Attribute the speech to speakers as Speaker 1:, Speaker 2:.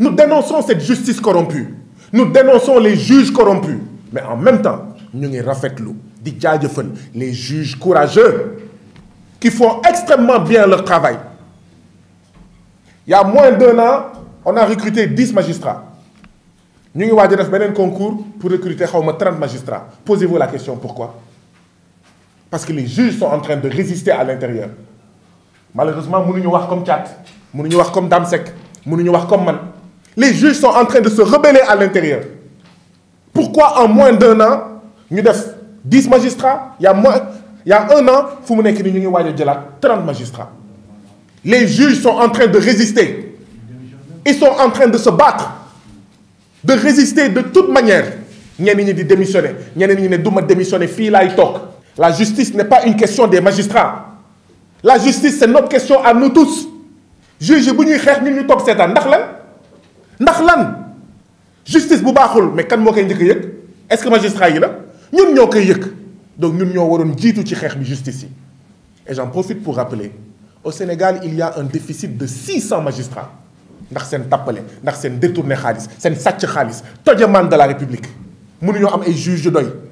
Speaker 1: Nous dénonçons cette justice corrompue. Nous dénonçons les juges corrompus. Mais en même temps, nous rafetlou, les juges courageux qui font extrêmement bien leur travail. Il y a moins d'un an, on a recruté 10 magistrats. Nous avons fait un concours pour recruter 30 magistrats. Posez-vous la question pourquoi Parce que les juges sont en train de résister à l'intérieur. Malheureusement, nous ne comme 4, nous ne comme Damsek, nous ne comme Man. Les juges sont en train de se rebeller à l'intérieur. Pourquoi en moins d'un an, nous avons 10 magistrats, il y a, moins, il y a un an, nous avons 30 magistrats. Les juges sont en train de résister. Ils sont en train de se battre, de résister de toute manière. Nous dit avons La justice n'est pas une question des magistrats. La justice, c'est notre question à nous tous. Juges, nous ndax justice bu mais quand moi qui njëkk est-ce que magistrat yi la ñun ñoo koy donc ñun ñoo waroon jiitu ci qui bi justice et j'en profite pour rappeler au Sénégal il y a un déficit de 600 magistrats ndax seen tappale ndax seen détourné xaalis seen Tout le monde de la République mënuñoo am ay juge de doy